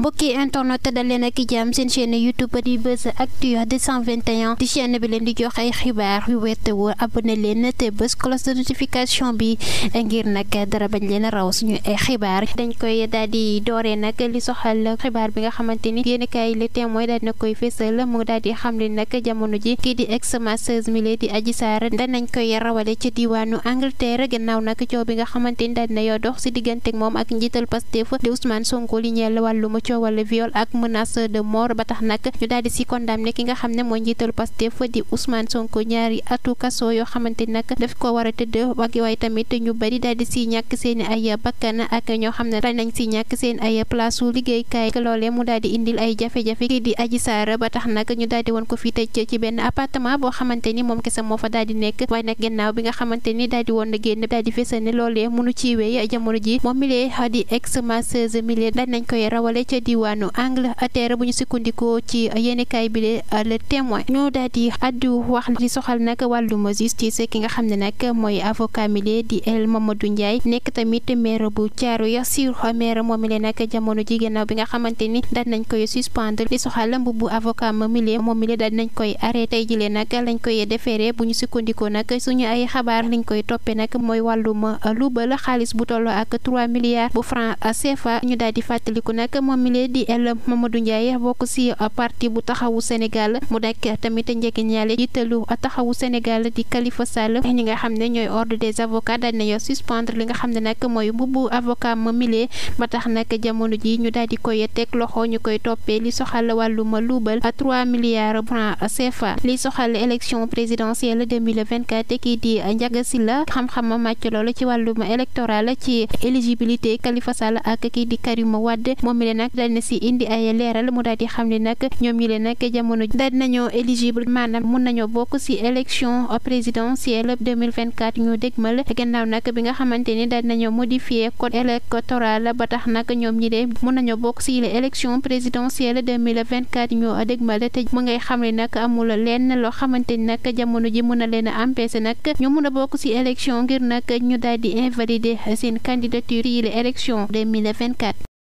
mbokki internet te dal leen ak jàmm seen chaîne youtube di Buzz Actu 221 di chaîne bi leen di jox ay xibaar yu wér te wóor abonné leen te bés cloche de notification bi ngir nag dara bañ leen a raw suñu ay xibaar dañ koy daal di dooree nag li soxal xibaar bi nga xamante ni yéen kaay Le Témoin daal dina koy fésal mu daal di xam li nag jamono ji kii di ex masseuse mi di Adji Sarr danañ koy rawale ci diwaanu Angleterre gannaaw nag coow bi nga xamante ni daal dina yoo dox si diggante moom ak njiital Pastef xëccoo wala viol ak menace de mort ba tax nag ñu daal di si condamné ki nga xam ne mooy njiitalu Pastef di Ousmane Sonko ñaari atu kaso yoo xamante nag daf ko war a tëdd wag ak ñoo xam ne nañ si ñàkk seen ay place liggéeykaay loolee mu daal indil ay jafe-jafe kii di Adji Sarr ba tax nag ñu daal woon ko fi tëj ci benn appartement boo xamante ni moom kese moo fa daal nekk waaye nag gannaaw bi nga xamante ni daal woon génn daal di fésal ne ca diwaanu angle terre bu ñu sukkandikoo ci yéenekaay bi de le témoin ñoo daal di addu wax li soxal nag wàllum justice ki nga xam ne nag mooy avocat mile di El Mamadou Ndiaye nekk tamit maire bu Thiaroye sur maire moomile nag jamono ji bi nga xamante ni daan nañ koy suspendre li soxal mbubbu avocat mile moomile daan nañ koy arrêté jile nag lañ koy defeere bu ñu sukkandikoo nag suñu ay xabaar liñ koy toppee nag mooy wàllum luubal xaalis bu tolloo ak mi di El Mamadou Ndiaye bokk si uh, parti bu taxawu Sénégal mu nekk tamit njëgiñaale jiitalu uh, taxawu Sénégal di Khalifa Sall ñi nga xam ne ñooy ordre des avocats daal nañoo suspendre li nga xam ne nag mooy mbubbu avocat ma milee ba tax nag jamono ji ñu daal di koy teg loxo ñu koy toppee li soxal wàllum luubal 3 uh, milliards francs CFA li soxal élection présidentielle 2024 kii di Ndiaga Sylla xam-xam màcc loolu ci wàllum électoral ci éligibilité Khalifa Sall ak kii di Karim Wade daal na si indi ay leeral mu daal di xam ne ñoom ñi leen nag jamono daal nañoo éligible maanaam mun nañoo bokk si élection présidentielle 2024 ñu dégmal gannaaw nag bi nga xamante ni daal nañoo modifié code électoral ba tax nag ñoom ñi de mun nañoo bokk si élection présidentielle 2024 ñu dégmal te mu ngay xam ne nag amul lenn loo xamante ni nag jamono ji mun na leen a empêcher nag ñu mun a bokk si élection ngir nag ñu daal di invalider seen candidature yi la élection 2024